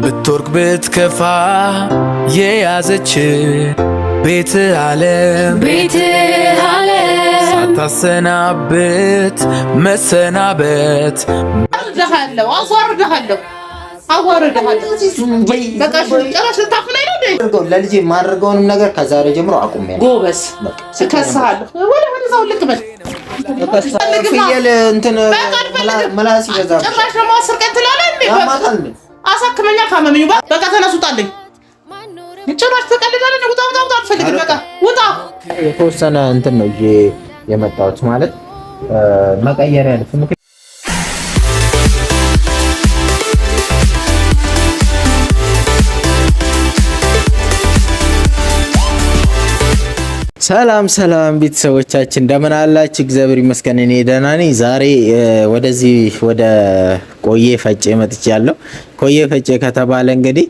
ብትወርቅ ብትከፋ የያዘች ቤት አለም ቤት አለም ሳታሰናብት መሰናበት አርደሃለሁ፣ አዋርደሃለሁ፣ አዋርደሃለሁ። በቃ ለልጄ የማደርገውንም ነገር ከዛሬ ጀምሮ አቁሜ ወደ ሰው ፍየል እንትን ምላስ ይገዛል። ጭራሽ ቀን ትላለህ። አሳክመኛ ካመመኝ ባ በቃ ተነሱ፣ ጣለኝ። ጭራሽ ትቀልዳለህ። ውጣ ውጣ ውጣ፣ አልፈልግም። በቃ ውጣ። የተወሰነ እንትን ነው ይዤ የመጣሁት ማለት መቀየሪያ ልፍ ሰላም ሰላም ቤተሰቦቻችን እንደምን አላችሁ? እግዚአብሔር ይመስገን እኔ ደህና ነኝ። ዛሬ ወደዚህ ወደ ቆዬ ፈጬ መጥቻለሁ። ቆዬ ፈጬ ከተባለ እንግዲህ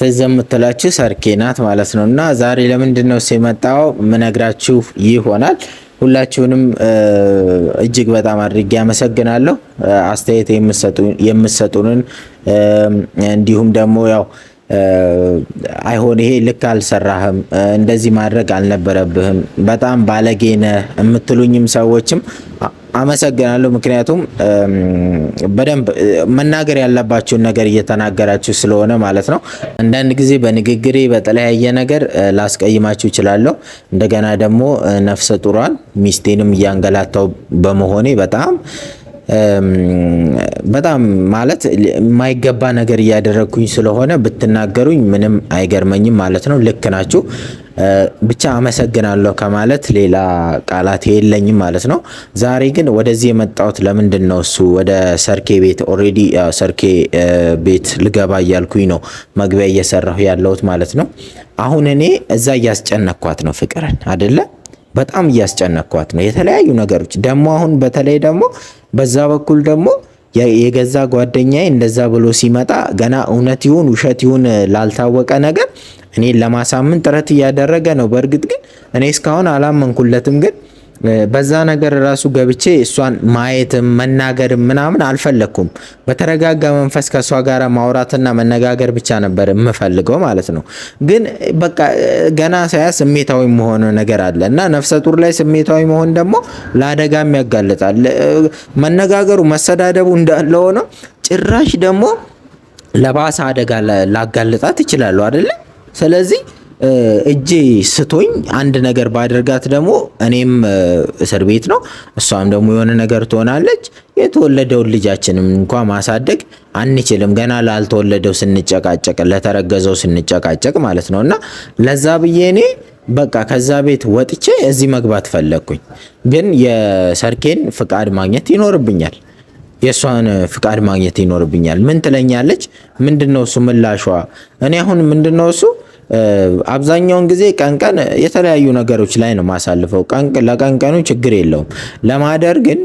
ትዝ የምትላችሁ ሰርኬ ናት ማለት ነው እና ዛሬ ለምንድን ነው የመጣው ምነግራችሁ ይሆናል። ሁላችሁንም እጅግ በጣም አድርጌ አመሰግናለሁ አስተያየት የምትሰጡንን እንዲሁም ደግሞ ያው አይሆን ይሄ ልክ አልሰራህም፣ እንደዚህ ማድረግ አልነበረብህም፣ በጣም ባለጌነ የምትሉኝም ሰዎችም አመሰግናለሁ። ምክንያቱም በደንብ መናገር ያለባችሁን ነገር እየተናገራችሁ ስለሆነ ማለት ነው። አንዳንድ ጊዜ በንግግሬ በተለያየ ነገር ላስቀይማችሁ እችላለሁ። እንደገና ደግሞ ነፍሰ ጡሯን ሚስቴንም እያንገላታው በመሆኔ በጣም በጣም ማለት የማይገባ ነገር እያደረግኩኝ ስለሆነ ብትናገሩኝ ምንም አይገርመኝም ማለት ነው። ልክ ናችሁ። ብቻ አመሰግናለሁ ከማለት ሌላ ቃላት የለኝም ማለት ነው። ዛሬ ግን ወደዚህ የመጣሁት ለምንድን ነው? እሱ ወደ ሰርኬ ቤት ኦልሬዲ ሰርኬ ቤት ልገባ እያልኩኝ ነው መግቢያ እየሰራሁ ያለሁት ማለት ነው። አሁን እኔ እዛ እያስጨነኳት ነው ፍቅርን አደለ በጣም እያስጨነኳት ነው። የተለያዩ ነገሮች ደግሞ አሁን በተለይ ደግሞ በዛ በኩል ደግሞ የገዛ ጓደኛዬ እንደዛ ብሎ ሲመጣ ገና እውነት ይሁን ውሸት ይሁን ላልታወቀ ነገር እኔን ለማሳመን ጥረት እያደረገ ነው። በእርግጥ ግን እኔ እስካሁን አላመንኩለትም ግን በዛ ነገር ራሱ ገብቼ እሷን ማየትም መናገርም ምናምን አልፈለግኩም። በተረጋጋ መንፈስ ከእሷ ጋር ማውራትና መነጋገር ብቻ ነበር የምፈልገው ማለት ነው። ግን በቃ ገና ሳያ ስሜታዊ መሆን ነገር አለ እና ነፍሰ ጡር ላይ ስሜታዊ መሆን ደግሞ ለአደጋም ያጋልጣል። መነጋገሩ መሰዳደቡ እንዳለ ሆኖ ጭራሽ ደግሞ ለባሰ አደጋ ላጋልጣት ይችላሉ አይደለም። ስለዚህ እጄ ስቶኝ አንድ ነገር ባደርጋት ደግሞ እኔም እስር ቤት ነው፣ እሷም ደግሞ የሆነ ነገር ትሆናለች። የተወለደውን ልጃችንም እንኳ ማሳደግ አንችልም። ገና ላልተወለደው ስንጨቃጨቅ፣ ለተረገዘው ስንጨቃጨቅ ማለት ነው። እና ለዛ ብዬ እኔ በቃ ከዛ ቤት ወጥቼ እዚህ መግባት ፈለግኩኝ። ግን የሰርኬን ፍቃድ ማግኘት ይኖርብኛል። የእሷን ፍቃድ ማግኘት ይኖርብኛል። ምን ትለኛለች? ምንድነው እሱ ምላሿ? እኔ አሁን ምንድነው እሱ አብዛኛውን ጊዜ ቀንቀን የተለያዩ ነገሮች ላይ ነው ማሳልፈው። ለቀንቀኑ ችግር የለውም። ለማደር ግን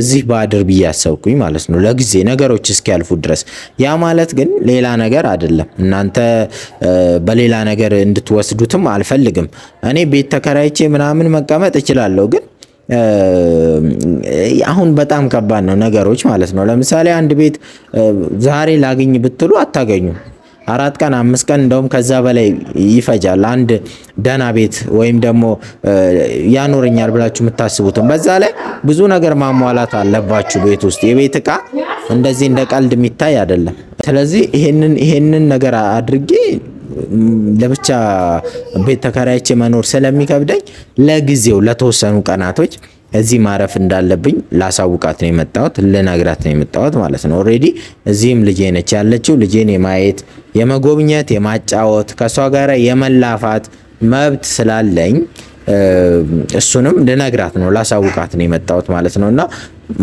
እዚህ በአድር ብዬ አሰብኩኝ ማለት ነው፣ ለጊዜ ነገሮች እስኪያልፉ ድረስ። ያ ማለት ግን ሌላ ነገር አይደለም፣ እናንተ በሌላ ነገር እንድትወስዱትም አልፈልግም። እኔ ቤት ተከራይቼ ምናምን መቀመጥ እችላለሁ ግን አሁን በጣም ከባድ ነው ነገሮች ማለት ነው። ለምሳሌ አንድ ቤት ዛሬ ላግኝ ብትሉ አታገኙ። አራት ቀን አምስት ቀን እንደውም ከዛ በላይ ይፈጃል። አንድ ደህና ቤት ወይም ደግሞ ያኖረኛል ብላችሁ የምታስቡትም በዛ ላይ ብዙ ነገር ማሟላት አለባችሁ። ቤት ውስጥ የቤት እቃ እንደዚህ እንደ ቀልድ የሚታይ አይደለም። ስለዚህ ይሄንን ነገር አድርጌ ለብቻ ቤት ተከራይቼ መኖር ስለሚከብደኝ ለጊዜው ለተወሰኑ ቀናቶች እዚህ ማረፍ እንዳለብኝ ላሳውቃት ነው የመጣሁት፣ ልነግራት ነው የመጣሁት ማለት ነው። ኦልሬዲ እዚህም ልጄ ነች ያለችው። ልጄን የማየት የመጎብኘት፣ የማጫወት ከእሷ ጋር የመላፋት መብት ስላለኝ እሱንም ልነግራት ነው ላሳውቃት ነው የመጣሁት ማለት ነው እና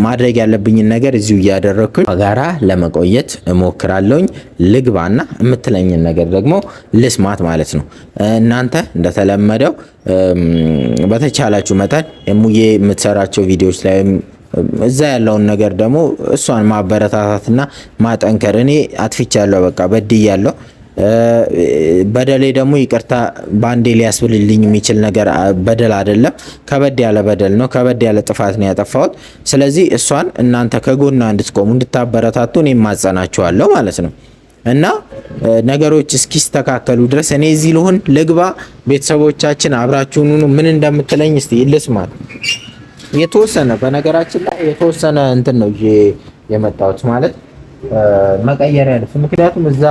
ማድረግ ያለብኝን ነገር እዚሁ እያደረግኩኝ ጋራ ለመቆየት እሞክራለሁኝ። ልግባና የምትለኝን ነገር ደግሞ ልስማት ማለት ነው። እናንተ እንደተለመደው በተቻላችሁ መጠን ሙዬ የምትሰራቸው ቪዲዮዎች ላይ እዛ ያለውን ነገር ደግሞ እሷን ማበረታታትና ማጠንከር እኔ አጥፍቻለሁ፣ በቃ በድያለሁ። በደሌ ደግሞ ይቅርታ በአንዴ ሊያስብልልኝ የሚችል ነገር በደል አይደለም። ከበድ ያለ በደል ነው፣ ከበድ ያለ ጥፋት ነው ያጠፋሁት። ስለዚህ እሷን እናንተ ከጎና እንድትቆሙ እንድታበረታቱ እኔ ማጸናችኋለሁ ማለት ነው እና ነገሮች እስኪስተካከሉ ድረስ እኔ እዚህ ልሆን ልግባ፣ ቤተሰቦቻችን አብራችሁን ሁኑ። ምን እንደምትለኝ እስቲ ልስማት። የተወሰነ በነገራችን ላይ የተወሰነ እንትን ነው የመጣሁት ማለት መቀየር ያለፍ። ምክንያቱም እዛ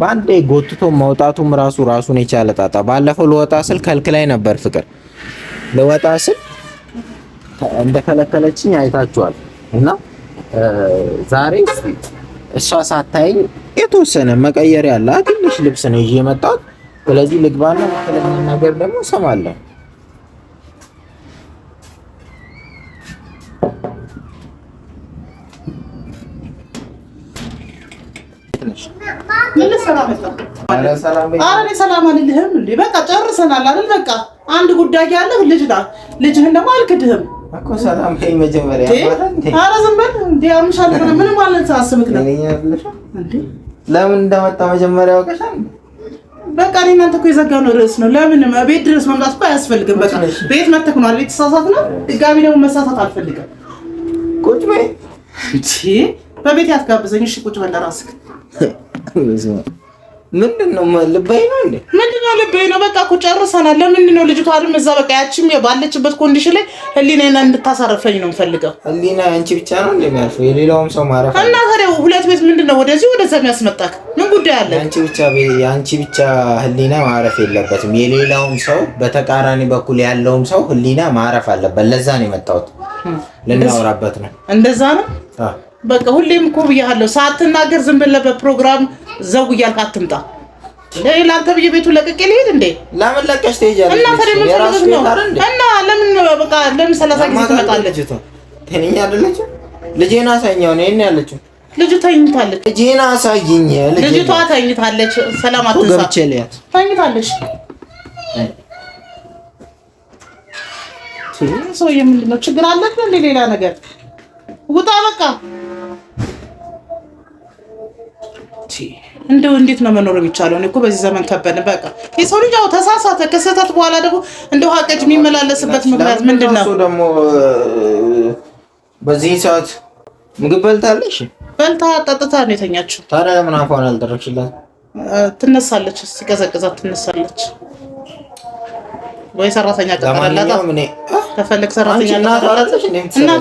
በአንዴ ጎትቶ መውጣቱም ራሱ ራሱን የቻለ ጣጣ። ባለፈው ልወጣ ስል ከልክላይ ነበር ፍቅር ልወጣ ስል እንደከለከለችኝ አይታችኋል። እና ዛሬ እሷ ሳታይኝ የተወሰነ መቀየር ያለ ትንሽ ልብስ ነው ይዤ ስለዚህ ልግባና ነገር ደግሞ እሰማለሁ። አረ ሰላም አልልህም እንዴ በቃ ጨርሰናል አይደል? በቃ አንድ ጉዳይ ልጅ ናት። ልጅህን ደግሞ አልክድህም እኮ ሰላም ከኝ መጀመሪያ አረ ዝም በል እንዴ አምሻል ማለት አስብክ ነው። ለምን እንደመጣ መጀመሪያ አውቀሻል። በቃ እኔ እናንተ እኮ የዘጋነው ርዕስ ነው። ለምን ቤት ድረስ መምጣት እኮ አያስፈልግም። በቃ ቤት መተክ ነው አይደል? ነው ድጋሚ ደግሞ መሳሳት አልፈልግም። ቁጭ በይ። በቤት እሺ ቁጭ በል ምንድን ነው ልባይ ነው እንዴ? ምንድን ነው ልባይ ነው? በቃ እኮ ጨርሰናል። ለምንድን ነው ልጅቷ አይደል እዛ በቃ ያቺም ባለችበት ኮንዲሽን ላይ ህሊናና እንድታሳርፈኝ ነው የምፈልገው። ህሊና አንቺ ብቻ ነው እንደሚያልፈው የሌላውም ሰው ማረፍ እና ታዲያ ሁለት ቤት ምንድን ነው ወደዚህ ወደዛ የሚያስመጣክ ምን ጉዳይ አለ? አንቺ ብቻ አንቺ ብቻ ህሊና ማረፍ የለበትም የሌላውም ሰው በተቃራኒ በኩል ያለውም ሰው ህሊና ማረፍ አለበት። ለዛ ነው የመጣሁት ልናወራበት ነው። እንደዛ ነው በቃ ሁሌም እኮ ብያለሁ፣ ሳትናገር ዝም ብለህ በፕሮግራም ዘው እያልክ አትምጣ። ለአንተ ብዬ ቤቱ ለቅቄ ልሄድ እንዴ? ለምን ለቀሽ ትሄጃለሽ? እና ታዲያ ምን ነው? እና ለምን በቃ ለምን ሰላሳ ጊዜ ትመጣለች? ጤነኛ አይደለች ልጄን አሳየኝ ነው ይሄን ያለችው። ልጁ ተኝታለች። ልጄን አሳየኝ። ልጅቷ ተኝታለች። ሰላም አትንሳ። ገብቼ ልያት ተኝታለች። ሰውዬ ምንድን ነው ችግር አለክ? ሌላ ነገር ውጣ በቃ እንደው እንዴት ነው መኖር የሚቻለው? እኔ እኮ በዚህ ዘመን ከበድን። በቃ የሰው ልጅ አዎ ተሳሳተ። ከስህተት በኋላ ደግሞ እንደው ሀቀጅ የሚመላለስበት ምክንያት ምንድን ነው? ደግሞ በዚህ ሰዓት ምግብ በልታለሽ? በልታ ጠጥታ ነው የተኛችው። ታዲያ ለምን አፏን አልጠረግሽላት? ትነሳለች፣ ሲቀዘቅዛት ትነሳለች። ወይ ሰራተኛ ቀጠረላት ከፈለግ ሰራተኛ እና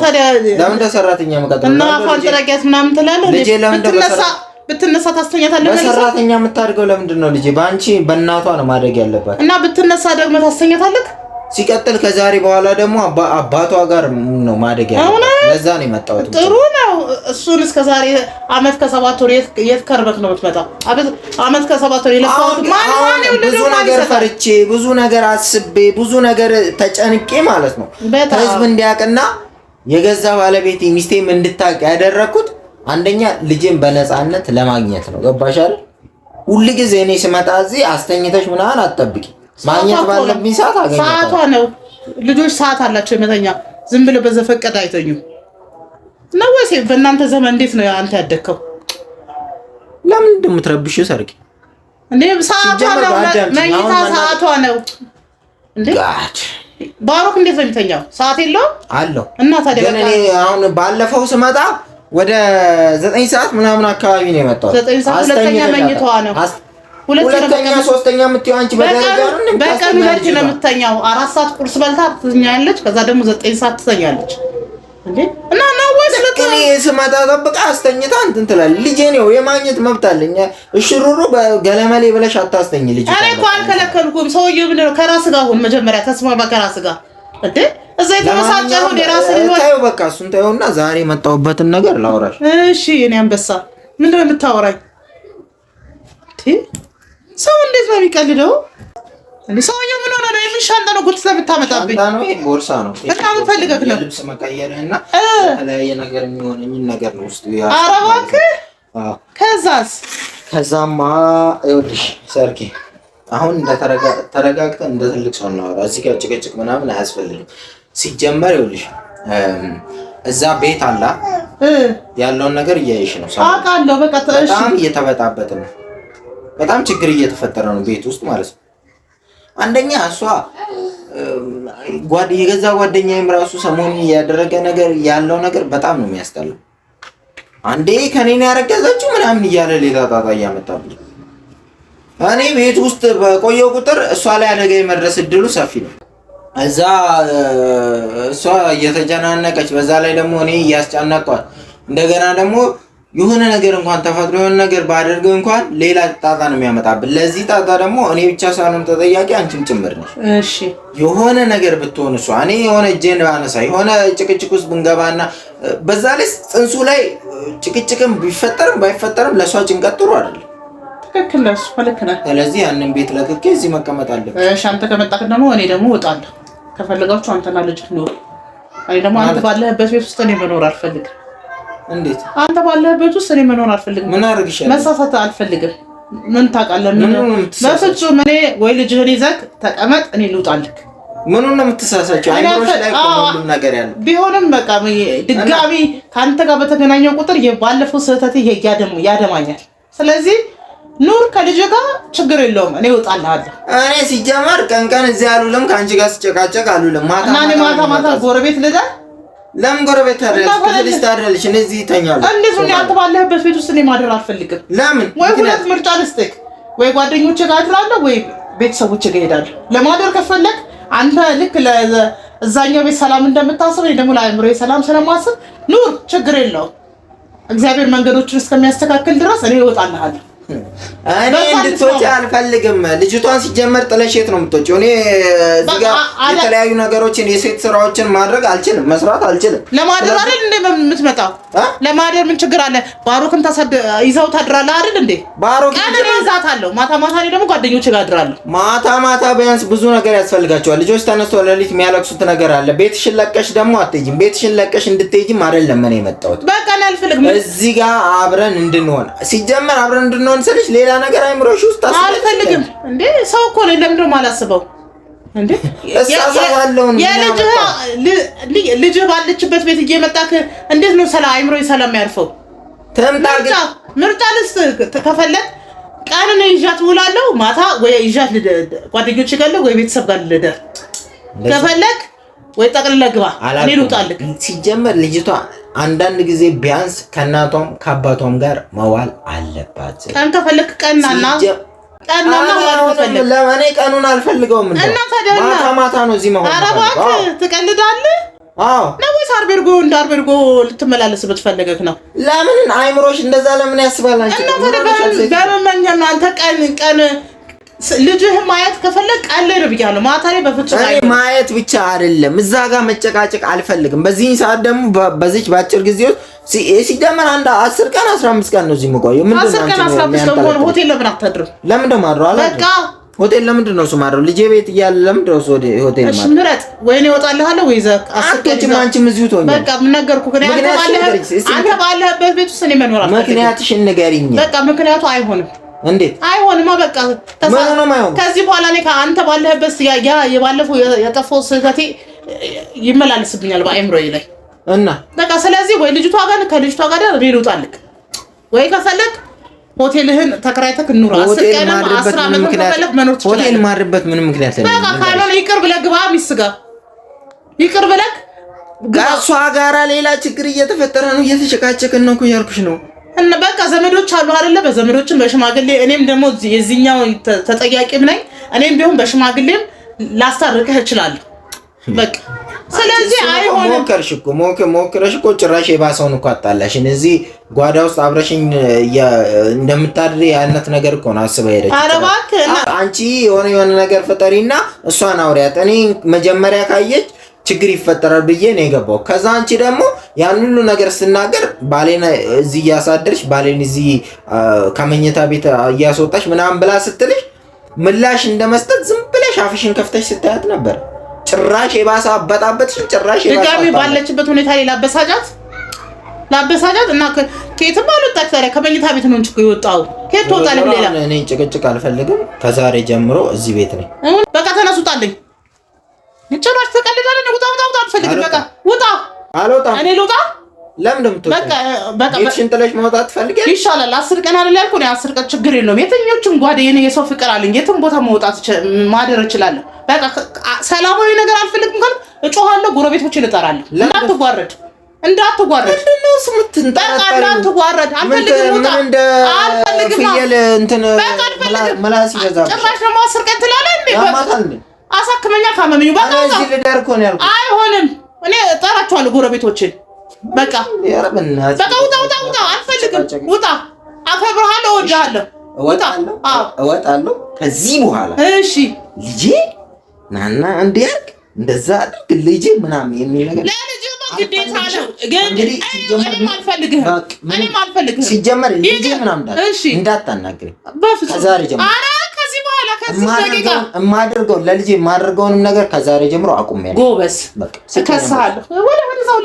ታዲያ ለምን እንደ ሰራተኛ መቀጠል እና አፏን ጥረጊያት ምናምን ትላለህ። ልጄ ለምን ደረሰ ብትነሳ ታስተኛታለህ። በሰራተኛ የምታድገው ለምንድን ነው ልጄ? በአንቺ በእናቷ ነው ማድረግ ያለባት። እና ብትነሳ ደግሞ ታስተኛታለህ። ሲቀጥል ከዛሬ በኋላ ደግሞ አባቷ ጋር ነው ማደግ ያለባት። ለዛ ነው የመጣሁት። ጥሩ ነው። እሱን እስከ ዛሬ አመት ከሰባት ወር የት ከርበት ነው የምትመጣው? አመት ከሰባት ወር የለፋሁት ብዙ ነገር ፈርቼ፣ ብዙ ነገር አስቤ፣ ብዙ ነገር ተጨንቄ ማለት ነው ህዝብ እንዲያውቅና የገዛ ባለቤቴ ሚስቴም እንድታውቅ ያደረግኩት አንደኛ ልጅን በነፃነት ለማግኘት ነው። ገባሽ አይደል? ሁል ጊዜ እኔ ስመጣ እዚህ አስተኝተሽ ምናምን አትጠብቂ። ማግኘት ባለብኝ ሰዓት አገኘ። ሰዓቷ ነው። ልጆች ሰዓት አላቸው የመተኛ። ዝም ብለው በዘፈቀደ አይተኙም እና ወይስ በእናንተ ዘመን እንዴት ነው አንተ ያደግከው? ለምን እንደምትረብሽ ሰርቂ እንዴ? ሰዓቷ ነው፣ መኝታ ሰዓቷ ነው እንዴ ባሮክ እንዴት ነው የሚተኛው? ሰዓት የለውም አለው እና ታዲያ ግን እኔ አሁን ባለፈው ስመጣ ወደ ዘጠኝ ሰዓት ምናምን አካባቢ ነው የመጣው። ዘጠኝ ሰዓት ሁለተኛ መኝታዋ ነው። ሁለተኛ ሶስተኛ የምትይው አንቺ በቀን ሁለት ነው የምትተኛው። አራት ሰዓት ቁርስ በልታ ትተኛለች። ከዛ ደግሞ ዘጠኝ ሰዓት ትተኛለች። እና ነው ወይስ ለጥኔ ስመጣ ጠብቃ አስተኝታ እንትን ትላለች። ልጄ ነው የማግኘት መብት አለኝ። እሽሩሩ በገለመሌ ብለሽ አታስተኝ እኮ አልከለከልኩም። ሰውዬው ከራስ ጋር መጀመሪያ ተስማማ ከራስ ጋር እንዴ እዛ የተመሳጨ ሁን የራስን ህይወት በቃ እሱን ታዩና ዛሬ የመጣሁበትን ነገር ላውራሽ። እሺ እኔ አንበሳ ምንድን ነው የምታወራኝ? ሰው እንዴት ነው የሚቀልደው? ሰውዬው ምን ሆነ ነው? የምን ሻንጣ ነው ጉድ ስለምታመጣብኝ? ቦርሳ ነው እና ምን ፈልገህ ነው? ልብስ መቀየርህና የተለያየ ነገር የሚሆነኝን ነገር ነው ውስጡ ያ። ኧረ እባክህ ከዛስ? ከዛማ ይኸውልሽ ሰርኪ አሁን እንደተረጋግጠን እንደ ትልቅ ሰው እናወራ። እዚህ ጋር ጭቅጭቅ ምናምን አያስፈልግም። ሲጀመር ይኸውልሽ እዛ ቤት አላ ያለውን ነገር እያየሽ ነው አውቃለሁ። በቃ በጣም እየተበጣበጥ ነው። በጣም ችግር እየተፈጠረ ነው ቤት ውስጥ ማለት ነው። አንደኛ እሷ የገዛ ጓደኛዬም ራሱ ሰሞኑን እያደረገ ነገር ያለው ነገር በጣም ነው የሚያስጠላው። አንዴ ከኔን ያረገዘችው ምናምን እያለ ሌላ ጣጣ እያመጣብኝ፣ እኔ ቤት ውስጥ በቆየው ቁጥር እሷ ላይ አደጋ የመድረስ እድሉ ሰፊ ነው። እዛ እሷ እየተጨናነቀች በዛ ላይ ደግሞ እኔ እያስጨነቅኳት እንደገና ደግሞ የሆነ ነገር እንኳን ተፈጥሮ የሆነ ነገር ባደርግ እንኳን ሌላ ጣጣ ነው የሚያመጣብን። ለዚህ ጣጣ ደግሞ እኔ ብቻ ሳልሆን ተጠያቂ አንቺም ጭምር ነሽ። እሺ የሆነ ነገር ብትሆን እሷ እኔ የሆነ እጄን ባነሳ የሆነ ጭቅጭቅ ውስጥ ብንገባና በዛ ላይ ጽንሱ ላይ ጭቅጭቅም ቢፈጠርም ባይፈጠርም ለእሷ ጭንቀት ጥሩ አይደለም። ትክክል። ስለዚህ ያንን ቤት ለቅቄ እዚህ መቀመጥ አለብኝ። አንተ ከመጣህ ደግሞ እኔ ደግሞ እወጣለሁ። ከፈለጋችሁ አንተና ልጅ ትኖሩ። አይ ደግሞ አንተ ባለህበት ቤት ውስጥ እኔ መኖር አልፈልግም። እንዴት? አንተ ባለህበት ውስጥ እኔ መኖር አልፈልግም። ምን አድርግሻለሁ? መሳሳት አልፈልግም። ምን ታውቃለህ? ምን በፍጹም እኔ ወይ ልጅህን ይዘህ ተቀመጥ፣ እኔ ልውጣልክ። ምኑን ነው የምትሳሳቸው? አይኖች ላይ ሁሉም ነገር ያለው ቢሆንም በቃ ድጋሚ ከአንተ ጋር በተገናኘው ቁጥር የባለፈው ስህተት ይሄ ያደማኛል። ስለዚህ ኑር ከልጅ ጋር ችግር የለውም። እኔ እወጣልሃለሁ። እኔ ሲጀመር ቀን ቀን እዚህ አልውልም፣ ከአንቺ ጋር ስጨቃጨቅ አልውልም። ማታ ማታ ማታ ጎረቤት ልዳ ለምን ጎረቤት ታድራለች? እኔ እዚህ እተኛለሁ። እንደዚህ እኔ አንተ ባለህበት ቤት ውስጥ እኔ ማደር አልፈልግም። ለምን? ወይ ሁለት ምርጫ ልስጥህ። ወይ ጓደኞቼ ጋር አድራለሁ፣ ወይ ቤተሰቦቼ ጋር እሄዳለሁ። ለማደር ከፈለግ አንተ ልክ እዛኛው ቤት ሰላም እንደምታስብ ደግሞ ለአእምሮዬ ሰላም ስለማስብ ኑር፣ ችግር የለውም። እግዚአብሔር መንገዶችን እስከሚያስተካክል ድረስ እኔ እወጣልሃለሁ። እኔ እንድትወጪ አልፈልግም። ልጅቷን ሲጀመር ጥለሼት ነው የምትወጪው። እኔ እዚህ ጋር የተለያዩ ነገሮችን የሴት ስራዎችን ማድረግ አልችልም፣ መስራት አልችልም። ለማደር አይደል እንዴ የምትመጣው? ለማደር ምን ችግር አለ? ባሮክን ይዘው ታድራለ አይደል እንዴ? ባሮክ ይዛት አለው። ማታ ማታ እኔ ደግሞ ጓደኞች ጋር አድራለሁ። ማታ ማታ ቢያንስ ብዙ ነገር ያስፈልጋቸዋል ልጆች። ተነስተው ለሊት የሚያለቅሱት ነገር አለ። ቤትሽን ለቀሽ ደግሞ አትሄጂም። ቤትሽን ለቀሽ እንድትሄጂም አይደለም እኔ የመጣሁት። በቃ እኔ አልፈልግም እዚህ ጋር አብረን እንድንሆን ሲጀመር አብረን እንድንሆን አሁን ሌላ ነገር አይምሮሽ ውስጥ አልፈልግም። እንዴ ሰው እኮ ነው። ለምን ደሞ አላስበው እንዴ? ልጅህ ባለችበት ቤት እየመጣህ እንዴት ነው ሰላ አይምሮ ሰላም ያርፈው? ምርጫ ልስጥ ከፈለግ ቀን ነው ይዣት ውላለሁ፣ ማታ ወይ ይዣት ጓደኞች ጋለሁ ወይ ቤተሰብ ጋር ልደር። ከፈለግ ወይ ጠቅልለህ ግባ፣ እኔ ልውጣልህ። ሲጀመር ልጅቷ አንዳንድ ጊዜ ቢያንስ ከእናቷም ከአባቷም ጋር መዋል አለባት። ከፈለክ ቀናና ለእኔ ቀኑን አልፈልገውም። ማታ ማታ ነው እዚህ መሆን። ኧረ እባክህ ትቀልዳለህ ነው አርቤርጎ እንደ አርቤርጎ ልትመላለስበት ፈለገህ ነው? ለምን አይምሮሽ እንደዛ ለምን ያስባል? አንቺ ቀን ቀን ልጅህ ማየት ከፈለግ ቀልድ ብያለሁ። ማታ ላይ በፍጹም ማየት ብቻ አይደለም፣ እዛ ጋር መጨቃጨቅ አልፈልግም። በዚህ ሰዓት ደግሞ በዚች በአጭር ጊዜ ውስጥ ሲደመር አንድ አስር ቀን አስራ አምስት ቀን ነው እዚህ የምቆየው። አስር ቀን አስራ አምስት ሆቴል ለምን አታድርም? ለምን ደግሞ አድሮ አላ ሆቴል ለምንድን ነው እሱ ማድረው? ልጄ ቤት እያለ ለምንድን ነው እሱ ሆቴል ማድረው? እሺ ምረጥ፣ ወይኔ እወጣልሃለሁ ወይ ዘ አትወጪም፣ አንቺም እዚሁ ትሆኛለሽ። በቃ ነገርኩህ። አንተ ባለህበት ቤት ውስጥ እኔ መኖር አልፈልግም። ምክንያትሽን ንገሪኝ። በቃ ምክንያቱ አይሆንም እንዴት አይሆንማ። በቃ ከዚህ በኋላ እኔ ከአንተ ባለህበት ያ የባለፈው የጠፋው ስህተቴ ይመላለስብኛል በአእምሮዬ ላይ እና በቃ ስለዚህ ወይ ልጅቷ ጋር ከልጅቷ ጋር እኔ ልውጣልክ ወይ ከፈለግ ሆቴልህን ተከራይተህ ኑር። አስር ቀን አስር ዓመት ሆቴል ማድርበት ምንም ምክንያት ለምን በቃ ካልሆነ ይቅር ብለህ ግባ። ሚስት ጋር ይቅር ብለህ እሷ ጋራ ሌላ ችግር እየተፈጠረ ነው። እየተጨቃጨቅን ነው እኮ እያልኩሽ ነው እና በቃ ዘመዶች አሉ አይደለ? በዘመዶችም በሽማግሌ እኔም ደግሞ የዚህኛው ተጠያቂም ነኝ። እኔም ቢሆን በሽማግሌም ላስታርቅህ እችላለሁ። በቃ ስለዚህ አይሆንም። ሞከርሽ እኮ ሞክረሽ እኮ ጭራሽ የባሰውን እኮ አጣላሽ። እዚህ ጓዳ ውስጥ አብረሽኝ እንደምታድር ያነት ነገር እኮ ነው አስበ ሄደች። አረባክ አንቺ የሆነ የሆነ ነገር ፈጠሪና እሷን አውሪያት። እኔ መጀመሪያ ካየች ችግር ይፈጠራል ብዬ ነው የገባው። ከዛ አንቺ ደግሞ ያን ሁሉ ነገር ስናገር ባሌን እዚህ እያሳደርሽ ባሌን እዚህ ከመኝታ ቤት እያስወጣሽ ምናምን ብላ ስትልሽ ምላሽ እንደመስጠት ዝም ብለሽ አፍሽን ከፍተሽ ስታያት ነበር። ጭራሽ የባሰ አበጣበትሽን ጭራሽ ድጋሚ ባለችበት ሁኔታ ላይ ላበሳጫት ላበሳጫት እና ከየትም አልወጣች። ታዲያ ከመኝታ ቤት ነው እንጂ የወጣው ከየት ትወጣለህ? ሌላ እኔ ጭቅጭቅ አልፈልግም። ከዛሬ ጀምሮ እዚህ ቤት ነኝ። በቃ ተነሱጣለኝ ጭራሽ ትቀልዳለህ። ውጣ ውጣ ውጣ! አልፈልግም። በቃ ውጣ። አልወጣም። እኔ ልውጣ። ይሻላል። አስር ቀን አይደል ያልኩህ? አስር ቀን ችግር የለውም። የትኞቹም ጓደ የሰው ፍቅር አለኝ። የትም ቦታ መውጣት ማደር እችላለሁ። በቃ ሰላማዊ ነገር አልፈልግም ካልክ እጮሃለሁ፣ ጎረቤቶችን እጠራለሁ። እንዳትጓረድ እንዳትጓረድ አልፈልግም፣ አልፈልግም። ቀን ትላለህ። አሳክመኛ ካመመኝ በቃ አይሆንም። እኔ እጠራቸዋለሁ ጎረቤቶችን። በቃ በቃ ውጣ፣ ውጣ፣ ውጣ። አልፈልግም። ውጣ። አከብርሃለሁ፣ እወድሃለሁ። እወጣለሁ ከዚህ በኋላ እሺ። ልጄ ናና እንዲያርግ እንደዛ አድርግ ልጄ ምናምን የሚል ነገር ግዴታ ነው። ግን እኔም አልፈልግህም፣ እኔም አልፈልግህም ሲጀመር ልጄ ምናምን እንዳታናግረኝ ከዛሬ ጀምሮ የማደርገው ለልጅ የማደርገውንም ነገር ከዛሬ ጀምሮ አቁሜ ነው። ጎበዝ እከስሃለሁ። ወደ ወደ እዛው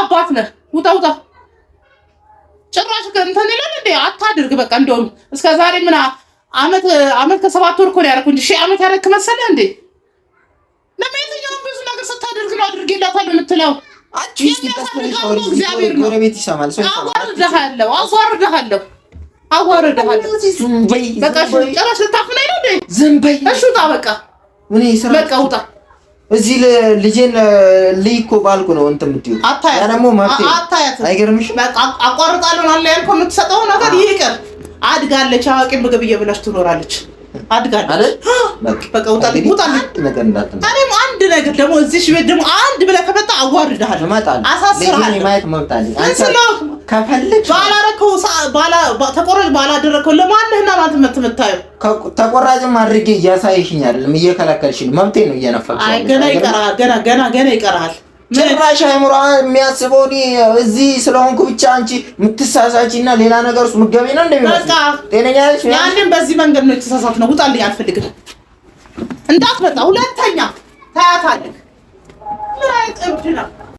አባት ነህ። ውጣ ውጣ። ጭራሽ እንትን ይላል እንዴ? አታድርግ። በቃ እንደውም እስከ ዛሬ ምን አመት አመት ከሰባት ወር እኮ ነው ያደረኩ እንጂ ሺህ አመት ያደረክ መሰለህ እንዴ? ለየትኛውም ብዙ ነገር ስታደርግ ነው አድርጌላታለሁ የምትለው እግዚአብሔር ነው። አዋርድሃለሁ፣ አዋርድሃለሁ አዋረደሃል። በቃ ጭራሽ ልታፍናኝ ነው እንዴ? ዝም በይ እዚህ ልጄን ልይ እኮ ባልኩ ነው እንትን የምትይው። አታያት ደግሞ ማፍቴ አታያት። አይገርምሽም? በቃ አቋርጣለሁ አለ ያልከው የምትሰጠው ነገር ይቅር። አድጋለች፣ አዋቂ ምግብ እየበላች ትኖራለች። አንድ ነገር ደግሞ እዚህ ቤት ደግሞ አንድ ብለህ ከመጣ አዋርድሃለሁ፣ አሳስርሃለሁ። ከፈለች ባላረከው ባላ ተቆራጭ ባላደረከው ለማንህ እና አንተ የምትመታየው ተቆራጭም አድርጌ እያሳይሽኝ አይደለም፣ እየከለከልሽኝ መብቴ ነው እየነፈቅሽ። አይ ገና ይቀራል፣ ገና ገና ገና ይቀራል። ጭራሽ አይምሮ የሚያስበው እኔ እዚህ ስለሆንኩ ብቻ አንቺ የምትሳሳቺ እና ሌላ ነገር ውስጥ ምገቢ ነው እንደሚመስል። በቃ ጤነኛ ነሽ። ያንን በዚህ መንገድ ነው የተሳሳት ነው። ውጣልኝ፣ አልፈልግም። እንዳትመጣ ሁለተኛ ታያታለህ። ምን አይነት እብድ ነው።